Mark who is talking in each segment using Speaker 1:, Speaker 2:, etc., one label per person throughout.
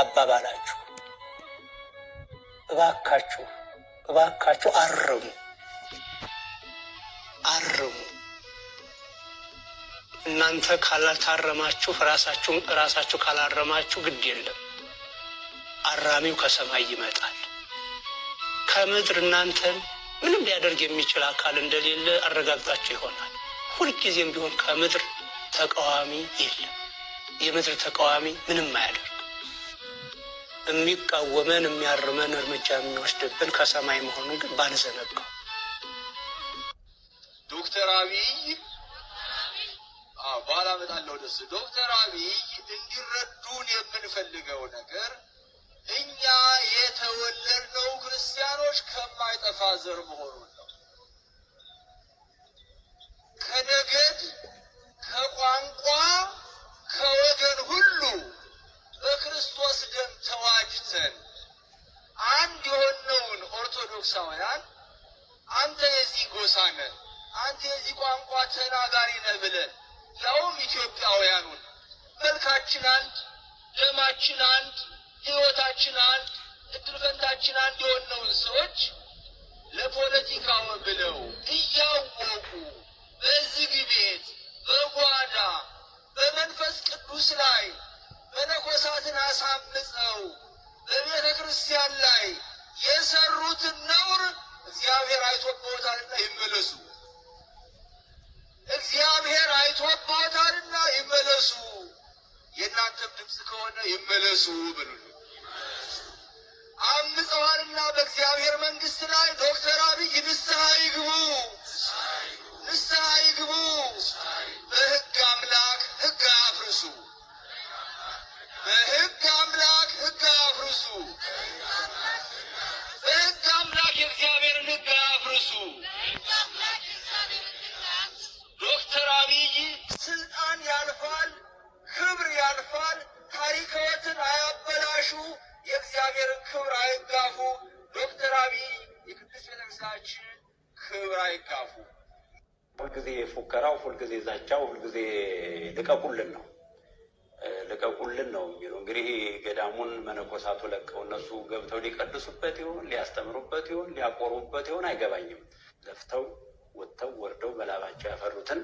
Speaker 1: አባባላችሁ እባካችሁ እባካችሁ አርሙ አርሙ። እናንተ ካላታረማችሁ ራሳችሁ ራሳችሁ ካላረማችሁ ግድ የለም አራሚው ከሰማይ ይመጣል። ከምድር እናንተን ምንም ሊያደርግ የሚችል አካል እንደሌለ አረጋግጣችሁ ይሆናል። ሁልጊዜም ቢሆን ከምድር ተቃዋሚ የለም። የምድር ተቃዋሚ ምንም አያደርግ የሚቃወመን የሚያርመን እርምጃ የሚወስድብን ከሰማይ መሆኑን ግን ባልዘነጋው። ዶክተር አብይ ባላመጣለው ደስ ዶክተር አብይ እንዲረዱን የምንፈልገው ነገር እኛ የተወለድነው ክርስቲያኖች ከማይጠፋ ዘር መሆኑን ነው። ከነገድ፣ ከቋንቋ፣ ከወገን ሁሉ ሰውናን አንተ የዚህ ጎሳ ነህ፣ አንተ የዚህ ቋንቋ ተናጋሪ ነህ ብለን ያውም ኢትዮጵያውያኑን መልካችን አንድ፣ ደማችን አንድ፣ ህይወታችን አንድ፣ እድል ፈንታችን አንድ የሆነውን ሰዎች ለፖለቲካው ብለው እያወቁ በዝግ ቤት በጓዳ በመንፈስ ቅዱስ ላይ መነኮሳትን አሳምፀው በቤተ ክርስቲያን ላይ የሰሩትና እግዚአብሔር አይቶብዎታልና ይመለሱ። እግዚአብሔር አይቶብዎታልና ይመለሱ። የእናንተም ድምፅ ከሆነ ይመለሱ ብሉ። አምፀዋልና በእግዚአብሔር መንግስት ላይ ዶክተር አብይ ንስሐ ይግቡ፣ ንስሐ ይግቡ። በህግ አምላክ ህግ አፍርሱ፣ በህግ አምላክ ህግ አፍርሱ። የእግዚአብሔርን ክብር አይጋፉ። ዶክተር አብይ የቅድስት ቤተክርስቲያናችን ክብር አይጋፉ። ሁልጊዜ ፉከራው፣ ሁልጊዜ ዛቻው፣ ሁልጊዜ ልቀቁልን ነው ልቀቁልን ነው የሚሉ እንግዲህ ገዳሙን መነኮሳቱ ለቀው እነሱ ገብተው ሊቀድሱበት ይሆን ሊያስተምሩበት ይሆን ሊያቆርቡበት ይሆን አይገባኝም። ለፍተው ወጥተው ወርደው በላባቸው ያፈሩትን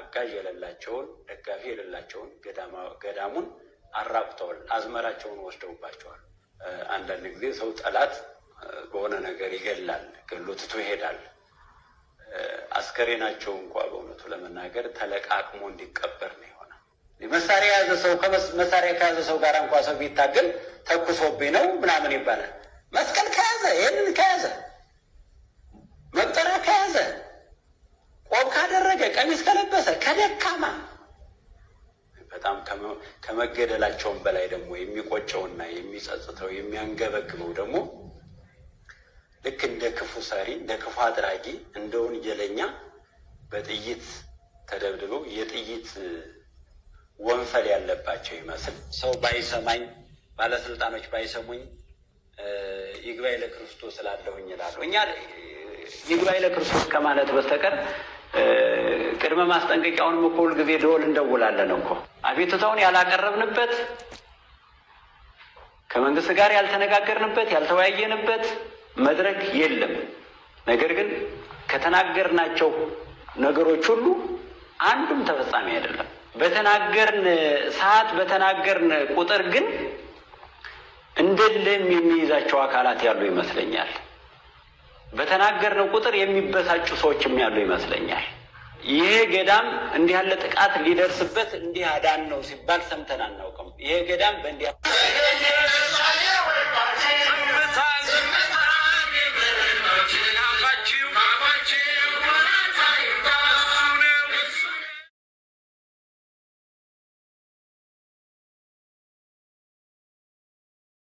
Speaker 1: አጋዥ የሌላቸውን ደጋፊ የሌላቸውን ገዳሙን አራቁተዋል። አዝመራቸውን ወስደውባቸዋል። አንዳንድ ጊዜ ሰው ጠላት በሆነ ነገር ይገላል፣ ገሎ ትቶ ይሄዳል። አስከሬናቸው እንኳ በእውነቱ ለመናገር ተለቃቅሞ እንዲቀበር ነው የሆነ። መሳሪያ የያዘ ሰው መሳሪያ ከያዘ ሰው ጋር እንኳ ሰው ቢታገል ተኩሶብኝ ነው ምናምን ይባላል። መስቀል ከያዘ ይህንን ከያዘ መቁጠሪያ ከያዘ ቆብ ካደረገ ቀሚስ ከለበሰ ከደካማ በጣም ከመገደላቸውም በላይ ደግሞ የሚቆጨውና የሚጸጽተው የሚያንገበግበው ደግሞ ልክ እንደ ክፉ ሰሪ፣ እንደ ክፉ አድራጊ፣ እንደ ወንጀለኛ በጥይት ተደብድበው የጥይት ወንፈል ያለባቸው ይመስል ሰው ባይሰማኝ፣ ባለስልጣኖች ባይሰሙኝ ይግባይ ለክርስቶስ ላለሁኝ ይላሉ። እኛ ይግባይ ለክርስቶስ ከማለት በስተቀር ቅድመ ማስጠንቀቂያውንም እኮ ሁልጊዜ ደወል እንደውላለን እኮ አቤቱታውን ያላቀረብንበት ከመንግስት ጋር ያልተነጋገርንበት ያልተወያየንበት መድረክ የለም። ነገር ግን ከተናገርናቸው ነገሮች ሁሉ አንዱም ተፈጻሚ አይደለም። በተናገርን ሰዓት በተናገርን ቁጥር ግን እንደለም የሚይዛቸው አካላት ያሉ ይመስለኛል። በተናገርነው ቁጥር የሚበሳጩ ሰዎችም ያሉ ይመስለኛል። ይሄ ገዳም እንዲህ ያለ ጥቃት ሊደርስበት እንዲህ አዳን ነው ሲባል ሰምተን አናውቅም። ይሄ ገዳም በእንዲህ